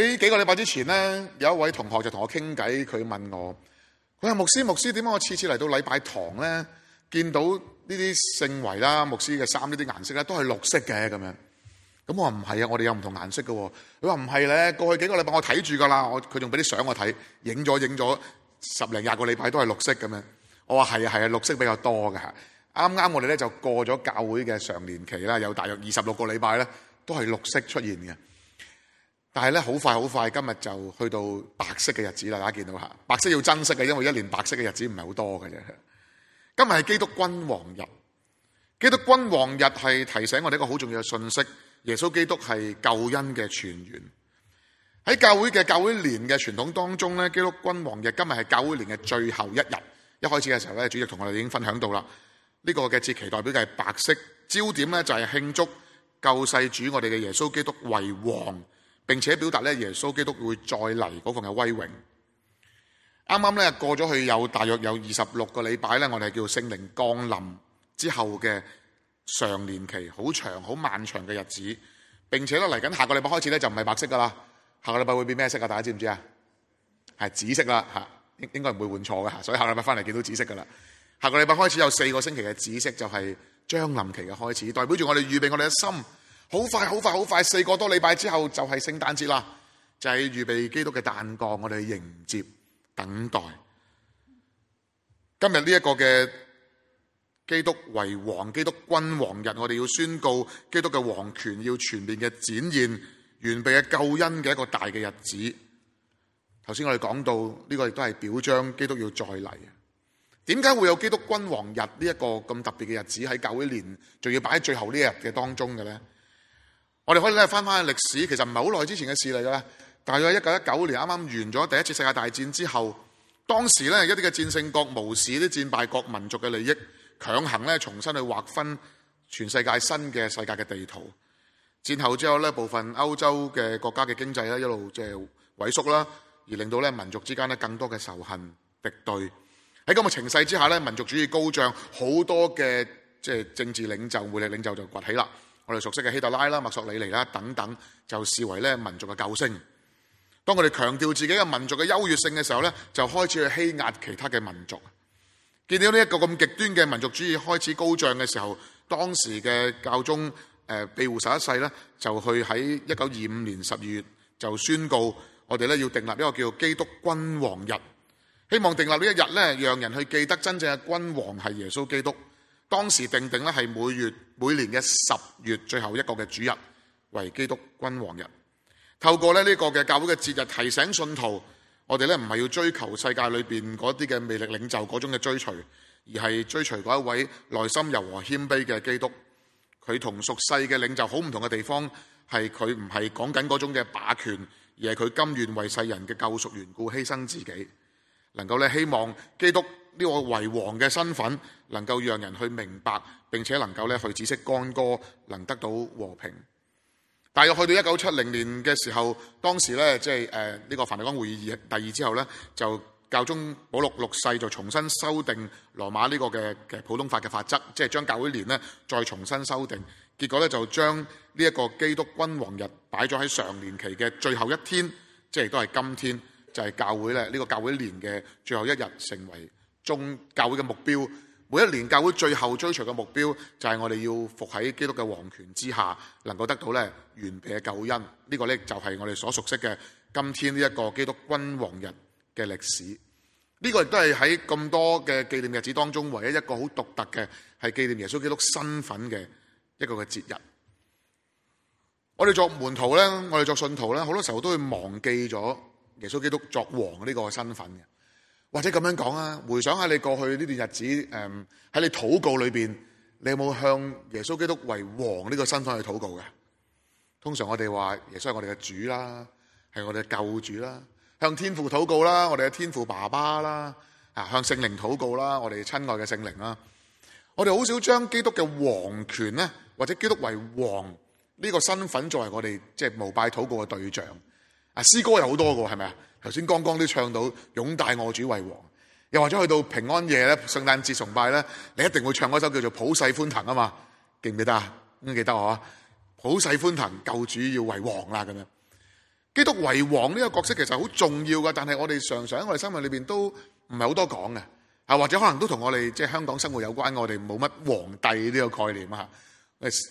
喺幾個禮拜之前呢，有一位同學就同我傾偈，佢問我：佢話牧師，牧師，點解我次次嚟到禮拜堂呢？見到呢啲聖帷啦、牧師嘅衫呢啲顏色咧，都係綠色嘅咁樣？咁我話唔係啊，我哋有唔同顏色噶。佢話唔係咧，過去幾個禮拜我睇住噶啦，我佢仲俾啲相我睇，影咗影咗十零廿個禮拜都係綠色咁樣。我話係啊係啊，綠色比較多㗎。啱啱我哋呢就過咗教會嘅常年期啦，有大約二十六個禮拜呢都係綠色出現嘅。但係咧，好快好快，今日就去到白色嘅日子啦！大家見到吓，白色要珍惜嘅，因為一年白色嘅日子唔係好多嘅啫。今日係基督君王日，基督君王日係提醒我哋一個好重要嘅信息：耶穌基督係救恩嘅泉源。喺教會嘅教會年嘅傳統當中咧，基督君王日今日係教會年嘅最後一日。一開始嘅時候咧，主席同我哋已經分享到啦，呢個嘅節期代表嘅係白色，焦點咧，就係慶祝救世主我哋嘅耶穌基督為王。並且表達咧，耶穌基督會再嚟嗰份嘅威榮。啱啱咧過咗去了有大約有二十六個禮拜咧，我哋叫聖靈降臨之後嘅常年期，好長好漫長嘅日子。並且咧嚟緊下個禮拜開始咧就唔係白色噶啦，下個禮拜會變咩色啊？大家知唔知啊？係紫色啦嚇，應應該唔會換錯嘅嚇，所以下個禮拜翻嚟見到紫色噶啦。下個禮拜開始有四個星期嘅紫色，就係將臨期嘅開始，代表住我哋預備我哋嘅心。好快，好快，好快！四個多禮拜之後就係聖誕節啦，就係、是、預備基督嘅誕降，我哋迎接等待。今日呢一個嘅基督為王、基督君王日，我哋要宣告基督嘅王權要全面嘅展現，完備嘅救恩嘅一個大嘅日子。頭先我哋講到呢、這個亦都係表彰基督要再嚟。點解會有基督君王日呢一、這個咁特別嘅日子喺教會年仲要擺喺最後呢一日嘅當中嘅咧？我哋可以咧翻翻歷史，其實唔係好耐之前嘅事嚟嘅。大約一九一九年啱啱完咗第一次世界大戰之後，當時咧一啲嘅戰勝國無視啲戰敗國民族嘅利益，強行咧重新去劃分全世界新嘅世界嘅地圖。戰後之後呢，部分歐洲嘅國家嘅經濟咧一路即係萎縮啦，而令到咧民族之間咧更多嘅仇恨敵對。喺咁嘅情勢之下咧，民族主義高漲，好多嘅即係政治領袖、媒體領袖就崛起啦。我哋熟悉嘅希特拉啦、墨索里尼啦等等，就視為咧民族嘅救星。當佢哋強調自己嘅民族嘅優越性嘅時候咧，就開始去欺壓其他嘅民族。見到呢一個咁極端嘅民族主義開始高漲嘅時候，當時嘅教宗誒、呃、庇護十一世咧，就去喺一九二五年十二月就宣告我哋咧要訂立一個叫基督君王日，希望訂立呢一日咧，讓人去記得真正嘅君王係耶穌基督。當時定定咧係每月每年嘅十月最後一個嘅主日為基督君王日。透過咧呢個嘅教會嘅節日提醒信徒，我哋咧唔係要追求世界裏邊嗰啲嘅魅力領袖嗰種嘅追隨，而係追隨嗰一位內心柔和謙卑嘅基督。佢同屬世嘅領袖好唔同嘅地方係佢唔係講緊嗰種嘅霸權，而係佢甘願為世人嘅救贖緣故犧牲自己，能夠咧希望基督。呢個為王嘅身份能夠讓人去明白，並且能夠咧去止息干戈，能得到和平。大約去到一九七零年嘅時候，當時咧即係誒呢、就是呃呢個梵蒂岡會議第二之後咧，就教宗保六六世就重新修訂羅馬呢個嘅普通法嘅法則，即係將教會年咧再重新修訂。結果咧就將呢一個基督君王日擺咗喺常年期嘅最後一天，即係都係今天，就係、是、教會咧呢、呢個教會年嘅最後一日成為。眾教會嘅目標，每一年教會最後追隨嘅目標，就係、是、我哋要服喺基督嘅王權之下，能夠得到咧完備嘅救恩。呢、這個咧就係我哋所熟悉嘅，今天呢一個基督君王日嘅歷史。呢、這個亦都係喺咁多嘅紀念日子當中，唯一一個好獨特嘅係紀念耶穌基督身份嘅一個嘅節日。我哋作門徒咧，我哋作信徒咧，好多時候都會忘記咗耶穌基督作王呢個身份嘅。或者咁樣講啊，回想下你過去呢段日子，誒喺你禱告裏邊，你有冇向耶穌基督為王呢個身份去禱告嘅？通常我哋話耶穌係我哋嘅主啦，係我哋嘅救主啦，向天父禱告啦，我哋嘅天父爸爸啦，啊向聖靈禱告啦，我哋親愛嘅聖靈啦，我哋好少將基督嘅王權咧，或者基督為王呢個身份作為我哋即係膜拜禱告嘅對象啊，詩歌有好多個係咪啊？是不是.頭先剛剛都唱到擁戴我主為王，又或者去到平安夜咧、聖誕節崇拜咧，你一定會唱嗰首叫做普世歡騰記記得記得《普世歡騰》啊嘛，記唔記得啊？記記得普世歡騰》救主要為王啦，咁樣基督為王呢個角色其實好重要噶，但係我哋常常喺我哋生活裏面都唔係好多講嘅，啊或者可能都同我哋即係香港生活有關，我哋冇乜皇帝呢個概念啊，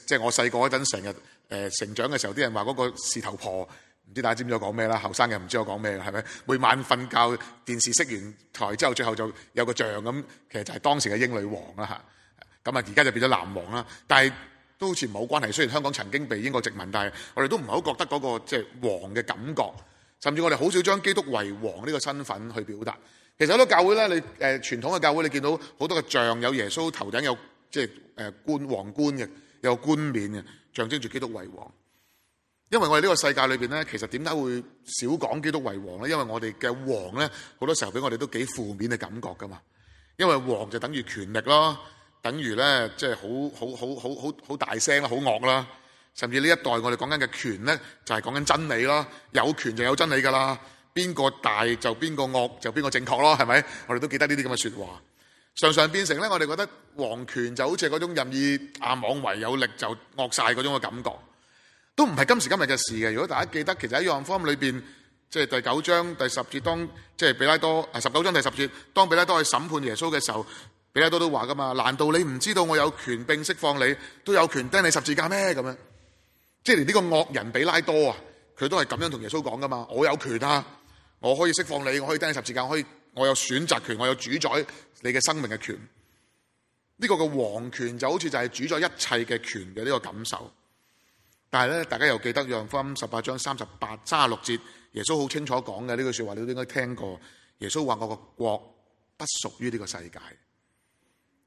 即係我細個嗰陣成日成長嘅時候，啲、呃、人話嗰個事頭婆。唔知大家知唔知我講咩啦？後生嘅唔知我講咩嘅，係咪？每晚瞓覺，電視熄完台之後，最後就有個像咁，其實就係當時嘅英女王啦吓。咁啊，而家就變咗男王啦。但係都好似冇關係。雖然香港曾經被英國殖民，但係我哋都唔係好覺得嗰個即係王嘅感覺。甚至我哋好少將基督為王呢個身份去表達。其實好多教會咧，你誒傳統嘅教會，你見、呃、到好多嘅像有耶穌頭頂有即係誒、呃、冠皇冠嘅，有冠冕嘅，象徵住基督為王。因為我哋呢個世界裏面呢，其實點解會少講基督為王呢？因為我哋嘅王呢，好多時候俾我哋都幾負面嘅感覺噶嘛。因為王就等於權力咯，等於呢，即係好好好好好大聲啦，好惡啦。甚至呢一代我哋講緊嘅權呢，就係講緊真理囉，有權就有真理噶啦，邊個大就邊個惡就邊個正確咯，係咪？我哋都記得呢啲咁嘅說話，常常變成呢，我哋覺得王權就好似嗰種任意妄為有力就惡晒嗰種嘅感覺。都唔係今時今日嘅事嘅。如果大家記得，其實喺《約翰福音》裏邊，即係第九章第十節，當即係比拉多，啊十九章第十節，當比拉多去審判耶穌嘅時候，比拉多都話噶嘛：難道你唔知道我有權並釋放你，都有權釘你十字架咩？咁樣，即係連呢個惡人比拉多啊，佢都係咁樣同耶穌講噶嘛：我有權啊，我可以釋放你，我可以釘你十字架，我可以我有選擇權，我有主宰你嘅生命嘅權。呢個嘅王權就好似就係主宰一切嘅權嘅呢個感受。但係咧，大家又記得《約翰福音》十八章三十八、卅六節，耶穌好清楚講嘅呢句説話，你都應該聽過。耶穌話：我個國不屬於呢個世界。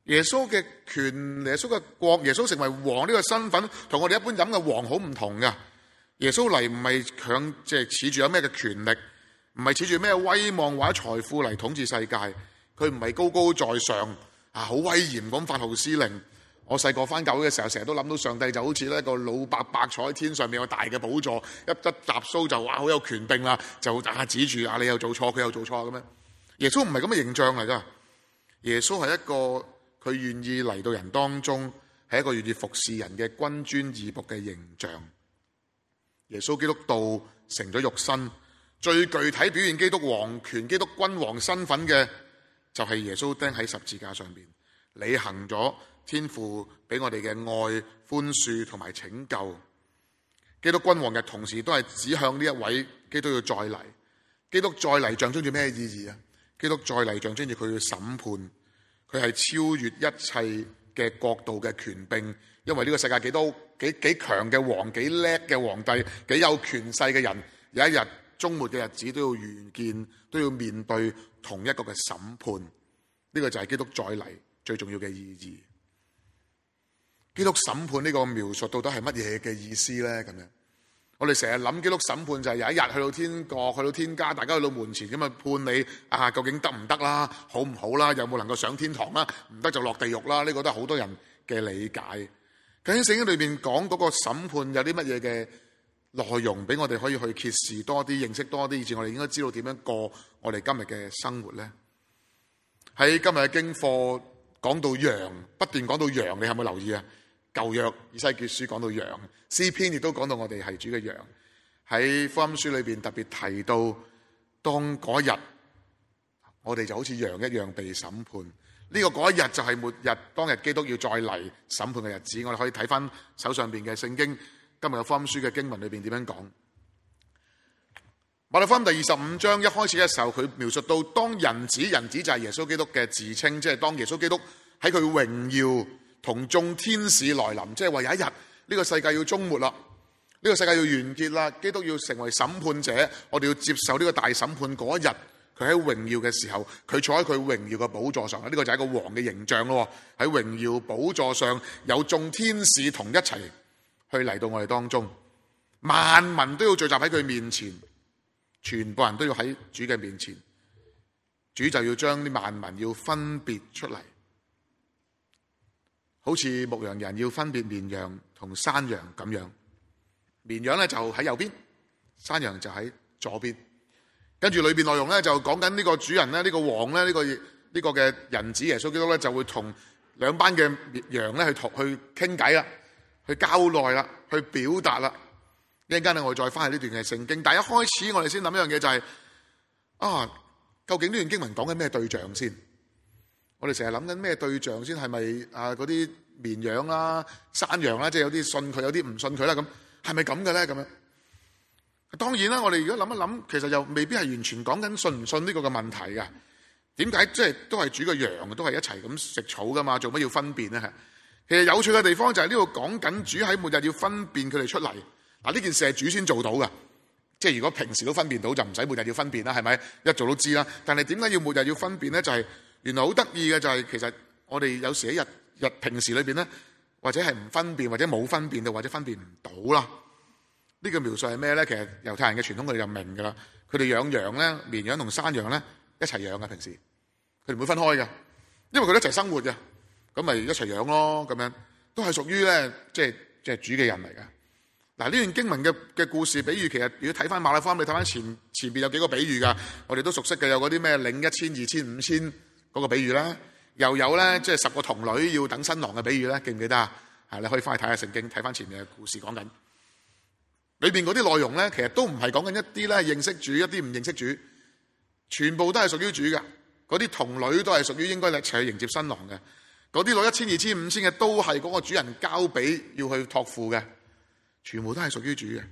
耶穌嘅權，耶穌嘅國，耶穌成為王呢個身份，同我哋一般飲嘅王好唔同嘅。耶穌嚟唔係強，即係恃住有咩嘅權力，唔係恃住咩威望或者財富嚟統治世界。佢唔係高高在上啊，好威嚴咁發號施令。我細個返教會嘅時候，成日都諗到上帝就好似一個老伯伯坐喺天上面有大嘅寶座，一得雜須就話好、啊、有權柄啦，就啊指住啊你又做錯，佢又做錯咁咩？耶穌唔係咁嘅形象嚟㗎。耶穌係一個佢願意嚟到人當中，係一個願意服侍人嘅君尊義僕嘅形象。耶穌基督道成咗肉身，最具體表現基督王權、基督君王身份嘅，就係、是、耶穌釘喺十字架上邊。你行咗。天父俾我哋嘅愛、寬恕同埋拯救，基督君王嘅同時，都係指向呢一位基督要再嚟。基督再嚟象徵住咩意義啊？基督再嚟象徵住佢嘅審判，佢係超越一切嘅國度嘅權柄。因為呢個世界幾多幾幾強嘅王、幾叻嘅皇帝、幾有權勢嘅人，有一日終末嘅日子都要完見，都要面對同一個嘅審判。呢、呢個就係基督再嚟最重要嘅意義。基督審判呢個描述到底係乜嘢嘅意思呢？咁樣我哋成日諗基督審判就係有一日去到天國、去到天家，大家去到門前咁啊，判你啊，究竟得唔得啦？好唔好啦？有冇能夠上天堂啦？唔得就落地獄啦？呢個都係好多人嘅理解。聖經裏面講嗰個審判有啲乜嘢嘅內容俾我哋可以去揭示多啲、認識多啲，以前我哋應該知道點樣過我哋今日嘅生活呢？喺今日嘅經課講到羊，不斷講到羊，你係咪留意啊？舊約以西結書講到羊，詩篇亦都講到我哋係主嘅羊。喺福音書裏邊特別提到，當嗰日我哋就好似羊一樣被審判。呢個嗰一日就係末日，當日基督要再嚟審判嘅日子。我哋可以睇翻手上邊嘅聖經今日嘅福音書嘅經文裏邊點樣講？馬太福音第二十五章一開始嘅時候，佢描述到當人子，人子就係耶穌基督嘅自稱，即係當耶穌基督喺佢榮耀。同眾天使來臨，即係話有一日呢個世界要終末啦，呢個世界要完結啦，基督要成為審判者，我哋要接受呢個大審判嗰一日，佢喺榮耀嘅時候，佢坐喺佢榮耀嘅寶座上，呢個就係一個王嘅形象咯。喺榮耀寶座上有眾天使同一齊去嚟到我哋當中，萬民都要聚集喺佢面前，全部人都要喺主嘅面前，主就要將啲萬民要分別出嚟。好似牧羊人要分別綿羊同山羊咁樣，綿羊咧就喺右邊，山羊就喺左邊。跟住裏邊內容咧就講緊呢個主人咧呢、呢個王咧呢、呢個呢、呢個嘅人子耶穌基督咧就會同兩班嘅羊咧去同去傾偈啦，去交代啦，去表達啦。一陣間咧我再翻去呢段嘅聖經，但一開始我哋先諗一樣嘢就係、是，啊究竟呢段經文講緊咩對象先？我哋成日諗緊咩對象先係咪啊？嗰啲綿羊啦、山羊啦，即係有啲信佢，有啲唔信佢啦。咁係咪咁嘅咧？咁樣，當然啦。我哋如果諗一諗，其實又未必係完全講緊信唔信呢個嘅問題嘅。點解即係都係主嘅羊，都係一齊咁食草噶嘛？做乜要分辨咧？其實有趣嘅地方就係呢度講緊主喺末日要分辨佢哋出嚟。嗱，呢件事係主先做到㗎。即係如果平時都分辨到，就唔使末日要分辨啦，係咪？一早都知啦。但係點解要末日要分辨咧？就係。原來好得意嘅就係，其實我哋有時喺日日平時裏面咧，或者係唔分辨，或者冇分辨到，或者分辨唔到啦。呢個描述係咩咧？其實猶太人嘅傳統佢哋就明噶啦。佢哋養羊咧，綿羊同山羊咧一齊養㗎。平時，佢哋唔會分開嘅，因為佢一齊生活嘅，咁咪一齊養咯咁樣，都係屬於咧即係即係主嘅人嚟嘅。嗱，呢段經文嘅嘅故事比喻其實，如果睇翻馬太福音，你睇翻前前邊有幾個比喻噶，我哋都熟悉嘅，有嗰啲咩領一千、二千、五千。嗰個比喻啦，又有咧，即係十個童女要等新郎嘅比喻咧，記唔記得啊？你可以翻去睇下聖經，睇翻前面嘅故事講緊裏面嗰啲內容咧，其實都唔係講緊一啲咧認識主，一啲唔認識主，全部都係屬於主嘅，嗰啲童女都係屬於應該一齊去迎接新郎嘅，嗰啲攞一千、二千、五千嘅都係嗰個主人交俾要去託付嘅，全部都係屬於主嘅。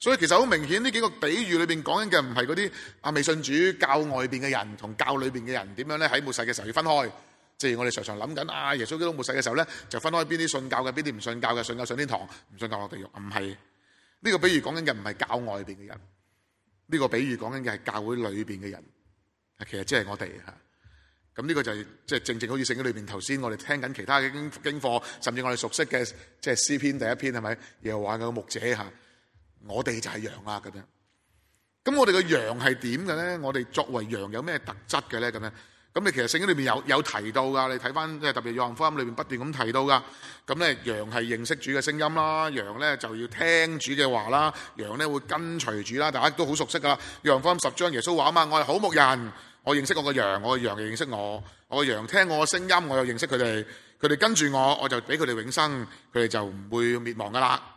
所以其實好明顯，呢幾個比喻裏面講緊嘅唔係嗰啲啊，未信主教外邊嘅人同教裏邊嘅人點樣咧？喺末世嘅時候要分開。即係我哋常常諗緊啊，耶穌基督末世嘅時候咧，就分開邊啲信教嘅，邊啲唔信教嘅？信教上天堂，唔信教落地獄。唔係。呢個比喻講緊嘅唔係教外邊嘅人，呢個比喻講緊嘅係教會裏邊嘅人。啊，其實即係我哋嚇。咁呢個就係即係正正好似聖經裏面頭先我哋聽緊其他嘅經經課，甚至我哋熟悉嘅即係詩篇第一篇係咪耶和華嘅牧者嚇？我哋就係羊啦咁樣，咁我哋個羊係點嘅呢？我哋作為羊有咩特質嘅呢？咁樣，咁你其實聖經裏面有有提到噶，你睇翻即係特別約翰福音裏面不斷咁提到噶。咁呢羊係認識主嘅聲音啦，羊呢就要聽主嘅話啦，羊呢會跟隨主啦。大家都好熟悉噶。約翰福音十章耶穌話啊嘛，我係好牧人，我認識我個羊，我嘅羊就認識我，我個羊聽我嘅聲音，我又認識佢哋，佢哋跟住我，我就俾佢哋永生，佢哋就唔會滅亡噶啦。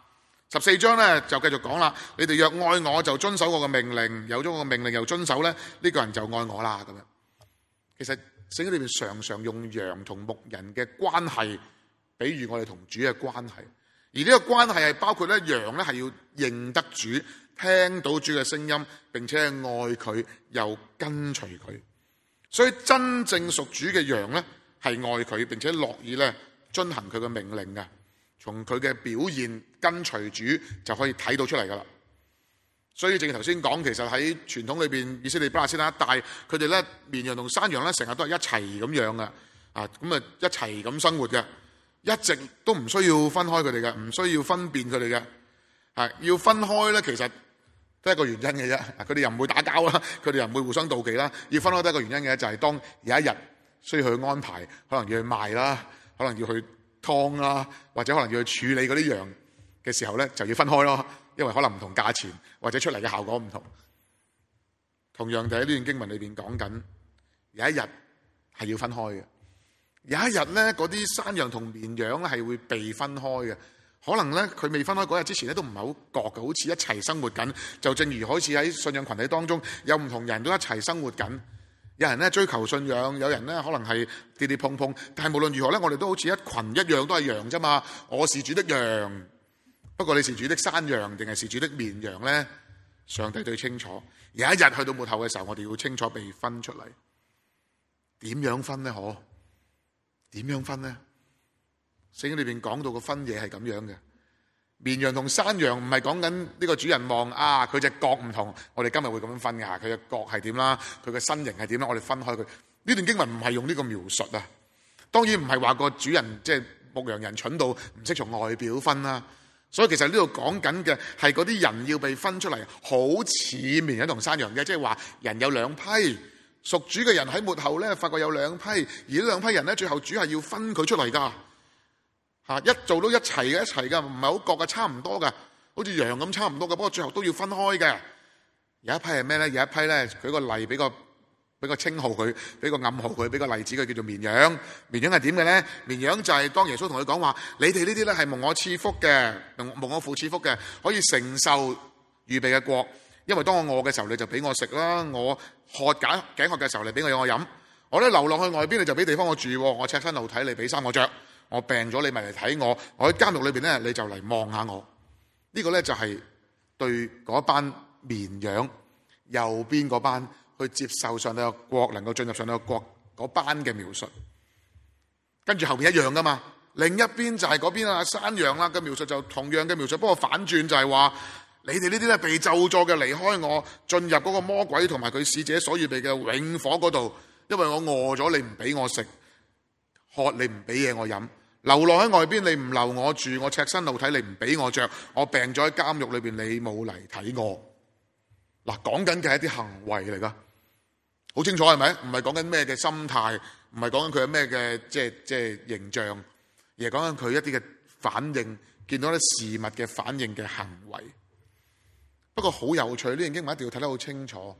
十四章咧就繼續講啦，你哋若愛我就遵守我嘅命令，有咗我嘅命令又遵守咧，呢個人就愛我啦。咁樣，其實聖經裏面常常用羊同牧人嘅關係，比喻我哋同主嘅關係，而呢個關係係包括咧，羊咧係要認得主，聽到主嘅聲音，並且係愛佢，又跟隨佢。所以真正屬主嘅羊咧係愛佢，並且樂意咧遵行佢嘅命令嘅。從佢嘅表現跟隨主就可以睇到出嚟㗎啦。所以正如頭先講，其實喺傳統裏面，以色列巴勒斯坦一帶佢哋咧綿羊同山羊咧成日都係一齊咁樣嘅，啊咁啊一齊咁生活嘅，一直都唔需要分開佢哋嘅，唔需要分辨佢哋嘅。要分開咧，其實都係一個原因嘅啫。佢哋又唔會打交啦，佢哋又唔會互相妒忌啦。要分開都係一個原因嘅，就係、是、當有一日需要去安排，可能要去賣啦，可能要去。燙啊，或者可能要去處理嗰啲羊嘅時候呢，就要分開咯，因為可能唔同價錢或者出嚟嘅效果唔同。同樣地，喺呢段經文裏邊講緊，有一日係要分開嘅。有一日呢，嗰啲山羊同綿羊呢係會被分開嘅。可能呢，佢未分開嗰日之前呢，都唔係好覺嘅，好似一齊生活緊。就正如開始喺信仰群體當中，有唔同人都一齊生活緊。有人追求信仰，有人可能是跌跌碰碰，但無論如何呢，我哋都好似一群一樣都是羊啫嘛。我是主的羊，不過你是主的山羊定是是主的綿羊呢？上帝最清楚。有一日去到末後嘅時候，我哋要清楚被分出嚟，點樣分呢？嗬，點樣分呢？聖經裏面講到的分野是這樣嘅。綿羊同山羊唔係講緊呢個主人望啊，佢隻角唔同，我哋今日會咁樣分㗎？佢隻角係點啦，佢個身形係點啦，我哋分開佢。呢段經文唔係用呢個描述啊，當然唔係話個主人即係、就是、牧羊人蠢到唔識從外表分啦。所以其實呢度講緊嘅係嗰啲人要被分出嚟，好似綿羊同山羊嘅，即係話人有兩批屬主嘅人喺末後呢發覺有兩批，而呢兩批人呢，最後主係要分佢出嚟噶。啊！一做都一齊嘅，一齊噶，唔係好覺嘅，差唔多噶，好似羊咁差唔多噶。不過最後都要分開嘅。有一批係咩咧？有一批咧，舉個例俾個俾個稱號佢，俾個暗號佢，俾個例子佢叫做綿羊。綿羊係點嘅咧？綿羊就係當耶穌同佢講話，你哋呢啲咧係蒙我賜福嘅，蒙我父賜福嘅，可以承受預備嘅國。因為當我餓嘅時候，你就俾我食啦；我渴解頸渴嘅時候，你俾我嘢我飲；我咧流落去外邊，你就俾地方我住；我赤身露體，你俾衫我著。我病咗，你咪嚟睇我。我喺監獄裏邊咧，你就嚟望下我。這個、呢個咧就係、是、對嗰班綿羊右邊嗰班去接受上帝嘅國，能夠進入上帝嘅國嗰班嘅描述。跟住後邊一樣噶嘛。另一邊就係嗰邊啊山羊啦嘅描述就同樣嘅描述，不過反轉就係話你哋呢啲咧被咒詛嘅離開我，進入嗰個魔鬼同埋佢使者所預備嘅永火嗰度，因為我餓咗，你唔俾我食，渴你唔俾嘢我飲。流浪喺外邊，你唔留我住，我赤身露體，你唔俾我着。我病咗喺監獄裏邊，你冇嚟睇我。嗱，講緊嘅係一啲行為嚟噶，好清楚係咪？唔係講緊咩嘅心態，唔係講緊佢係咩嘅即係即係形象，而係講緊佢一啲嘅反應，見到啲事物嘅反應嘅行為。不過好有趣，呢段經文一定要睇得好清楚。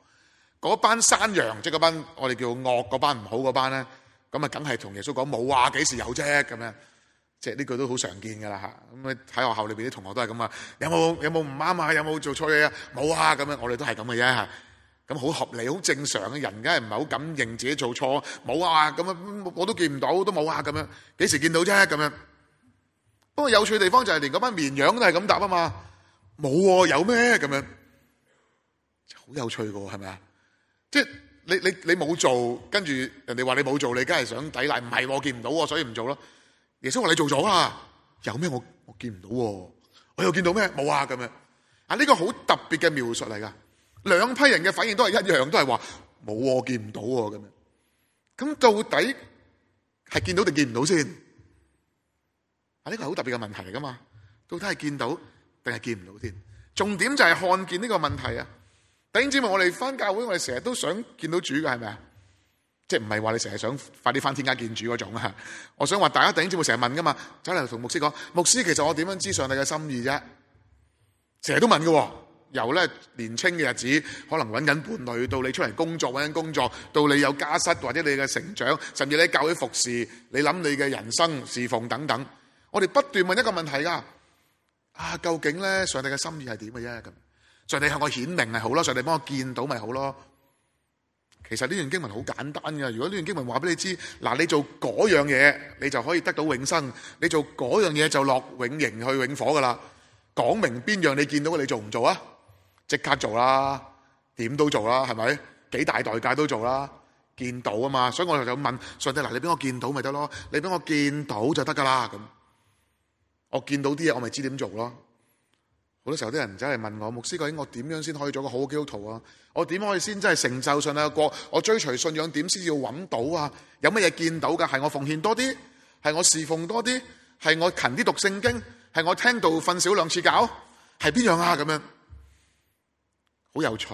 嗰班山羊，即係嗰班我哋叫惡嗰班唔好嗰班咧，咁啊，梗係同耶穌講冇啊，幾時有啫？咁樣。即係呢句都好常見㗎啦嚇，咁啊喺學校裏邊啲同學都係咁啊，有冇有冇唔啱啊？有冇做錯嘢啊？冇啊！咁樣我哋都係咁嘅啫嚇，咁好合理、好正常嘅人，梗係唔係好敢認自己做錯？冇啊！咁樣我都見唔到，都冇啊！咁樣幾時見到啫？咁樣。不過有趣嘅地方就係連嗰班綿羊都係咁答啊嘛，冇喎，有咩咁樣？好有趣嘅喎，係咪啊？即係你你你冇做，跟住人哋話你冇做，你梗係想抵賴，唔係我見唔到啊，所以唔做咯啊。耶穌話你做咗啦，有咩我我見唔到啊？我又見到咩？冇啊咁樣啊！呢個好特別嘅描述嚟噶，兩批人嘅反應都係一樣，都係話冇我見唔到咁樣。咁到底係見到定見唔到先？啊，呢個好特別嘅問題嚟噶嘛？到底係見到定係見唔到先？重點就係看見呢個問題啊！弟兄姊妹，我哋翻教會，我哋成日都想見到主嘅，係咪啊？即係唔係話你成日想快啲翻天家見主嗰種啊？我想話大家弟兄姊妹，成日問噶嘛，走嚟同牧師講，牧師，其實我點樣知上帝嘅心意啫？成日都問喎。由咧年輕嘅日子，可能搵緊伴侶，到你出嚟工作搵緊工作，到你有家室或者你嘅成長，甚至你教會服侍，你諗你嘅人生侍奉等等，我哋不斷問一個問題噶，啊究竟咧上帝嘅心意係點嘅啫？咁上帝向我顯明係好咯，上帝幫我見到咪好咯？其實呢段經文好簡單噶，如果呢段經文話俾你知，嗱你做嗰樣嘢，你就可以得到永生；你做嗰樣嘢就落永刑去永火噶啦。講明邊樣你見到嘅，你做唔做啊？即刻做啦，點都做啦，係咪？幾大代價都做啦，見到啊嘛。所以我就問上帝：嗱，你俾我見到咪得咯？你俾我見到就得噶啦。咁我見到啲嘢，我咪知點做咯。好多時候啲人真係問我牧師，究竟我點樣先可以做個好基督徒啊？我點可以先真係成就上啊？哥，我追隨信仰點先要搵到啊？有咩嘢見到㗎？係我奉獻多啲？係我侍奉多啲？係我勤啲讀聖經？係我聽到瞓少兩次覺？係邊樣啊？咁樣好有趣。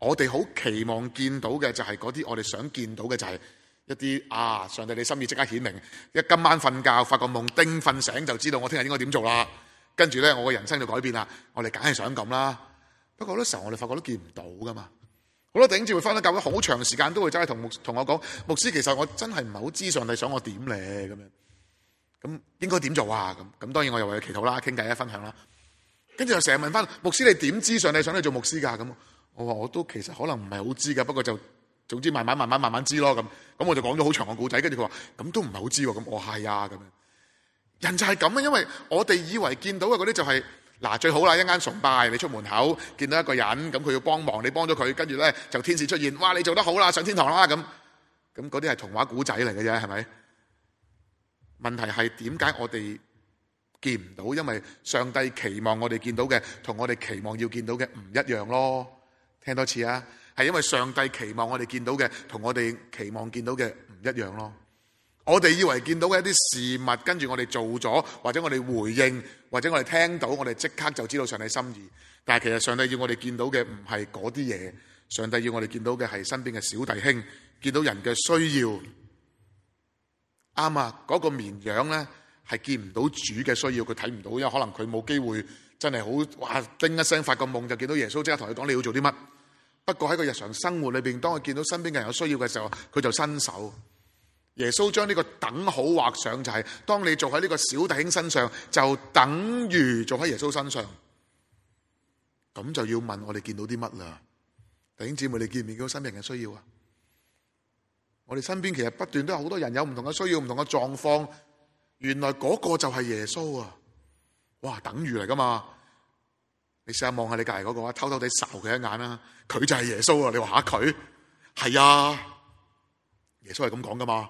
我哋好期望見到嘅就係嗰啲我哋想見到嘅就係一啲啊！上帝你心意即刻顯明，一今晚瞓覺發個夢，叮瞓醒就知道我聽日應該點做啦。跟住咧，我嘅人生就改變啦。我哋梗係想咁啦。不過好多時候，我哋發覺都見唔到噶嘛。好多弟兄姊妹翻到教會好長時間，都會真係同牧同我講：牧師，其實我真係唔係好知上帝想我點咧，咁樣。咁應該點做啊？咁咁當然我又為佢祈禱啦、傾偈啦、分享啦。跟住又成日問翻牧師：你點知上帝想你做牧師㗎？咁我話我都其實可能唔係好知㗎，不過就總之慢慢慢慢慢慢知咯。咁咁我就講咗好長個故仔。跟住佢話：咁都唔係好知喎。咁我係啊咁樣。人就係咁啊，因為我哋以為見到嘅嗰啲就係、是、嗱最好啦，一間崇拜你出門口見到一個人，咁佢要幫忙，你幫咗佢，跟住呢，就天使出現，哇你做得好啦，上天堂啦咁，咁嗰啲係童話古仔嚟嘅啫，係咪？問題係點解我哋見唔到？因為上帝期望我哋見到嘅同我哋期望要見到嘅唔一樣咯。聽多次啊，係因為上帝期望我哋見到嘅同我哋期望見到嘅唔一樣咯。我哋以為見到嘅一啲事物，跟住我哋做咗，或者我哋回應，或者我哋聽到，我哋即刻就知道上帝心意。但係其實上帝要我哋見到嘅唔係嗰啲嘢，上帝要我哋見到嘅係身邊嘅小弟兄，見到人嘅需要。啱啊，嗰個綿羊呢係見唔到主嘅需要，佢睇唔到，因為可能佢冇機會，真係好哇，叮一聲發個夢就見到耶穌，即刻同佢講你要做啲乜。不過喺個日常生活裏邊，當佢見到身邊嘅人有需要嘅時候，佢就伸手。耶穌將呢個等號畫上就係、是，當你做喺呢個小弟兄身上，就等於做喺耶穌身上。咁就要問我哋見到啲乜啦，弟兄姊妹，你見唔見到生命嘅需要啊？我哋身邊其實不斷都有好多人，有唔同嘅需要，唔同嘅狀況。原來嗰個就係耶穌啊！哇，等於嚟噶嘛？你試下望下你隔籬嗰個，偷偷地掃佢一眼啦，佢就係耶穌啊！你話下佢？係啊，耶穌係咁講噶嘛？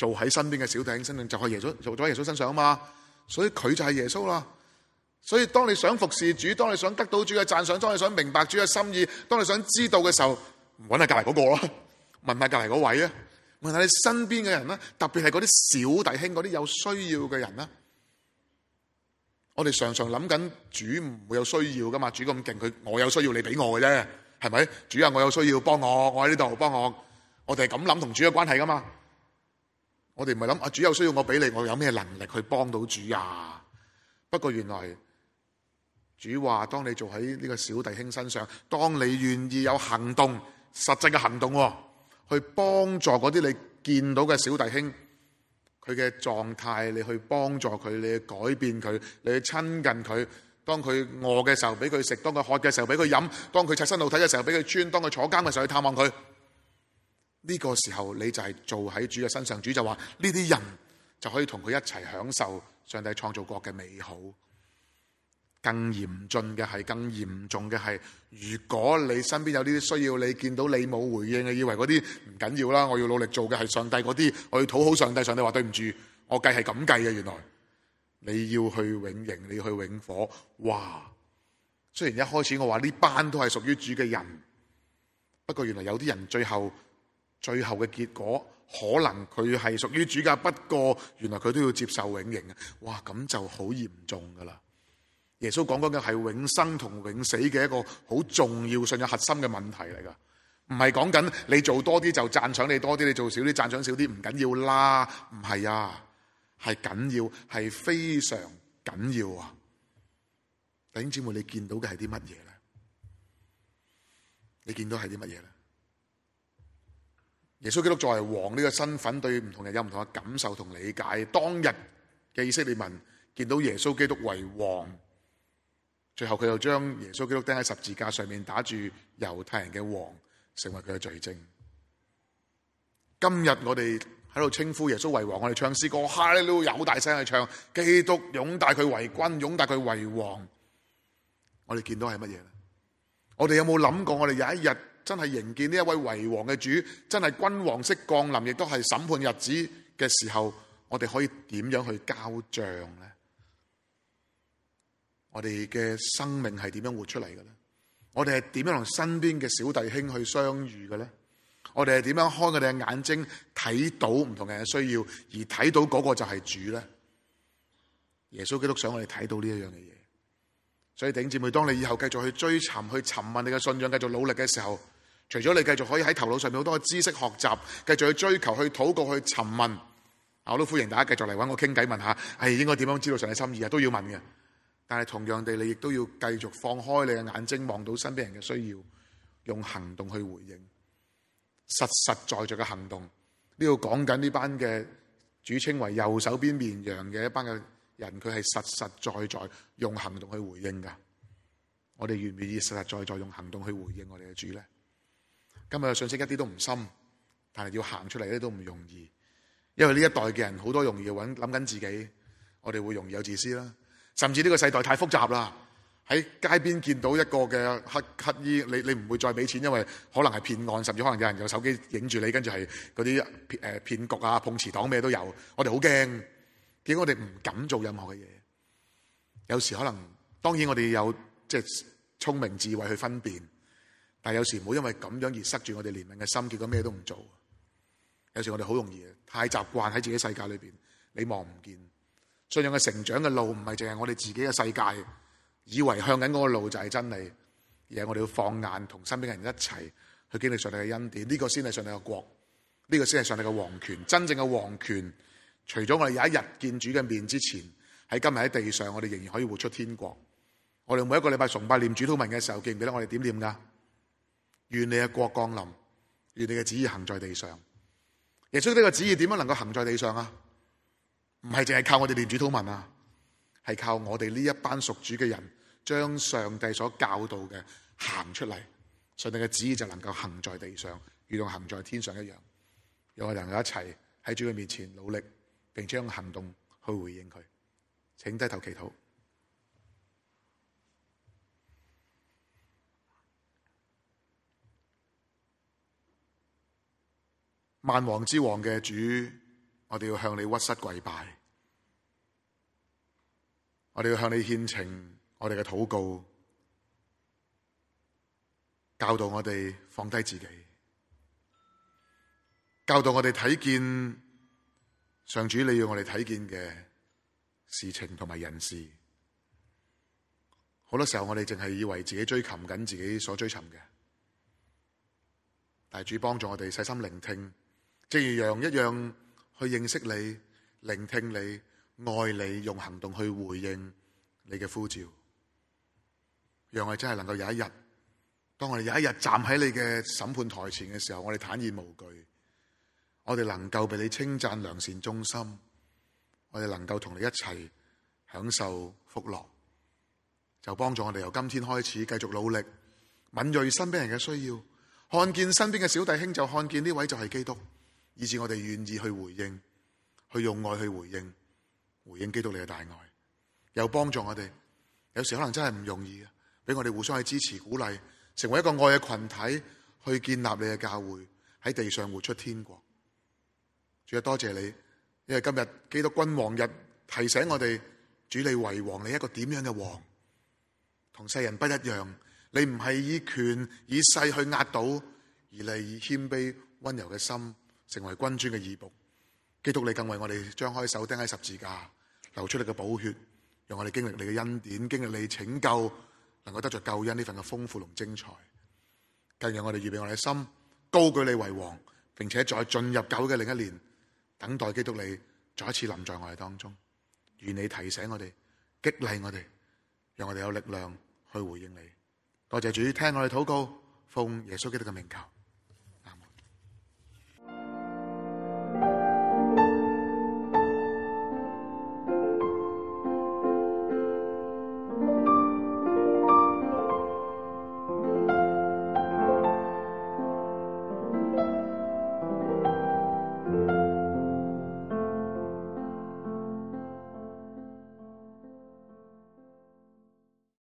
做喺身邊嘅小弟兄身上，就係、是、耶穌，做咗喺耶穌身上啊嘛。所以佢就係耶穌啦。所以當你想服侍主，當你想得到主嘅讚賞，當你想明白主嘅心意，當你想知道嘅時候，揾下隔離嗰個咯，問下隔離嗰位啊，問下你身邊嘅人啦，特別係嗰啲小弟兄、嗰啲有需要嘅人啦。我哋常常諗緊主唔會有需要噶嘛，主咁勁，佢我有需要，你俾我嘅啫，係咪？主啊，我有需要，幫我，我喺呢度幫我，我哋係咁諗同主嘅關係噶嘛。我哋唔係諗啊！主有需要我俾你，我有咩能力去幫到主呀？不過原來主話：當你做喺呢個小弟兄身上，當你願意有行動、實際嘅行動，去幫助嗰啲你見到嘅小弟兄，佢嘅狀態，你去幫助佢，你去改變佢，你去親近佢。當佢餓嘅時候俾佢食，當佢渴嘅時候俾佢飲，當佢赤身露體嘅時候俾佢穿，當佢坐監嘅時候去探望佢。呢個時候你就係做喺主嘅身上，主就話呢啲人就可以同佢一齊享受上帝創造國嘅美好。更嚴峻嘅係，更嚴重嘅係，如果你身邊有呢啲需要，你見到你冇回應嘅，你以為嗰啲唔緊要啦，我要努力做嘅係上帝嗰啲，我要討好上帝。上帝話對唔住，我計係咁計嘅，原來你要去永刑，你要去永火。哇！雖然一開始我話呢班都係屬於主嘅人，不過原來有啲人最後。最後嘅結果可能佢係屬於主嘅，不過原來佢都要接受永刑啊！哇，咁就好嚴重噶啦！耶穌講緊嘅係永生同永死嘅一個好重要、信仰核心嘅問題嚟噶，唔係講緊你做多啲就讚賞你多啲，你做少啲讚賞少啲唔緊要啦，唔係啊，係緊要，係非常緊要啊！弟兄姊妹，你見到嘅係啲乜嘢咧？你見到係啲乜嘢咧？耶穌基督作為王呢個身份，對唔同人有唔同嘅感受同理解。當日嘅以色列民見到耶穌基督為王，最後佢又將耶穌基督釘喺十字架上面，打住猶太人嘅王，成為佢嘅罪證。今日我哋喺度稱呼耶穌為王，我哋唱詩歌，嗨！呢個人好大聲去唱，基督擁戴佢為君，擁戴佢為王。我哋見到係乜嘢咧？我哋有冇諗過，我哋有一日？真係迎接呢一位為王嘅主，真係君王式降臨，亦都係審判日子嘅時候，我哋可以點樣去交賬咧？我哋嘅生命係點樣活出嚟嘅咧？我哋係點樣同身邊嘅小弟兄去相遇嘅咧？我哋係點樣開佢哋嘅眼睛睇到唔同人嘅需要，而睇到嗰個就係主咧？耶穌基督想我哋睇到呢一樣嘅嘢。所以，弟兄姊妹，當你以後繼續去追尋、去尋問你嘅信仰，繼續努力嘅時候，除咗你繼續可以喺頭腦上面好多嘅知識學習，繼續去追求、去禱告、去尋問，我都歡迎大家繼續嚟揾我傾偈問一下，係、哎、應該點樣知道上帝心意啊？都要問嘅。但係同樣地，你亦都要繼續放開你嘅眼睛，望到身邊人嘅需要，用行動去回應，實實在在嘅行動。呢度講緊呢班嘅主稱為右手邊綿羊嘅一班嘅。人佢係實實在在用行動去回應噶，我哋願唔願意實實在在用行動去回應我哋嘅主呢？今日嘅信息一啲都唔深，但係要行出嚟咧，都唔容易，因為呢一代嘅人好多容易揾諗緊自己，我哋會容易有自私啦，甚至呢個世代太複雜啦。喺街邊見到一個嘅乞乞衣，你你唔會再俾錢，因為可能係騙案，甚至可能有人有手機影住你，跟住係嗰啲誒騙局啊、碰瓷黨咩都有，我哋好驚。令我哋唔敢做任何嘅嘢，有時可能當然我哋有即係聰明智慧去分辨，但係有時唔好因為咁樣而塞住我哋憐憫嘅心，結果咩都唔做。有時我哋好容易太習慣喺自己世界裏邊，你望唔見，信仰嘅成長嘅路唔係淨係我哋自己嘅世界，以為向緊嗰個路就係真理。而係我哋要放眼同身邊嘅人一齊去經歷上帝嘅恩典，呢個先係上帝嘅國，呢個先係上帝嘅皇權，真正嘅皇權。除咗我哋有一日見主嘅面之前，喺今日喺地上，我哋仍然可以活出天國。我哋每一個禮拜崇拜念主禱文嘅時候，記唔記得我哋點念噶願你嘅國降臨，願你嘅旨意行在地上。耶穌呢個旨意點樣能夠行在地上啊？唔係淨係靠我哋念主禱文啊，係靠我哋呢一班屬主嘅人，將上帝所教導嘅行出嚟，上帝嘅旨意就能夠行在地上，如同行在天上一樣。有個人一齊喺主嘅面前努力。並將行動去回應佢，請低頭祈禱。萬王之王嘅主，我哋要向你屈膝跪拜，我哋要向你獻情，我哋嘅禱告教導我哋放低自己，教導我哋睇見。上主，你要我哋睇見嘅事情同埋人事，好多時候我哋淨係以為自己追尋緊自己所追尋嘅，但主幫助我哋細心聆聽，正如羊一樣去認識你、聆聽你、愛你，用行動去回應你嘅呼召，讓我真係能夠有一日，當我哋有一日站喺你嘅審判台前嘅時候，我哋坦然無懼。我哋能夠被你稱讚良善忠心，我哋能夠同你一齊享受福樂，就幫助我哋由今天開始繼續努力，敏銳身邊人嘅需要，看見身邊嘅小弟兄就看見呢位就係基督，以致我哋願意去回應，去用愛去回應回應基督你嘅大愛，又幫助我哋。有時可能真係唔容易啊！俾我哋互相去支持鼓勵，成為一個愛嘅群體，去建立你嘅教會，喺地上活出天國。主要多謝你，因為今日基督君王日提醒我哋，主你為王，你一個點樣嘅王，同世人不一樣。你唔係以權以勢去壓倒，而你以謙卑温柔嘅心，成為君尊嘅義僕。基督你更為我哋張開手釘喺十字架，流出你嘅寶血，讓我哋經歷你嘅恩典，經歷你拯救，能夠得着救恩呢份嘅豐富同精彩。更讓我哋預備我哋嘅心，高舉你為王，並且再進入教嘅另一年。等待基督你再一次臨在我哋當中，願你提醒我哋，激勵我哋，讓我哋有力量去回應你。多謝主聽我哋禱告，奉耶穌基督嘅名求。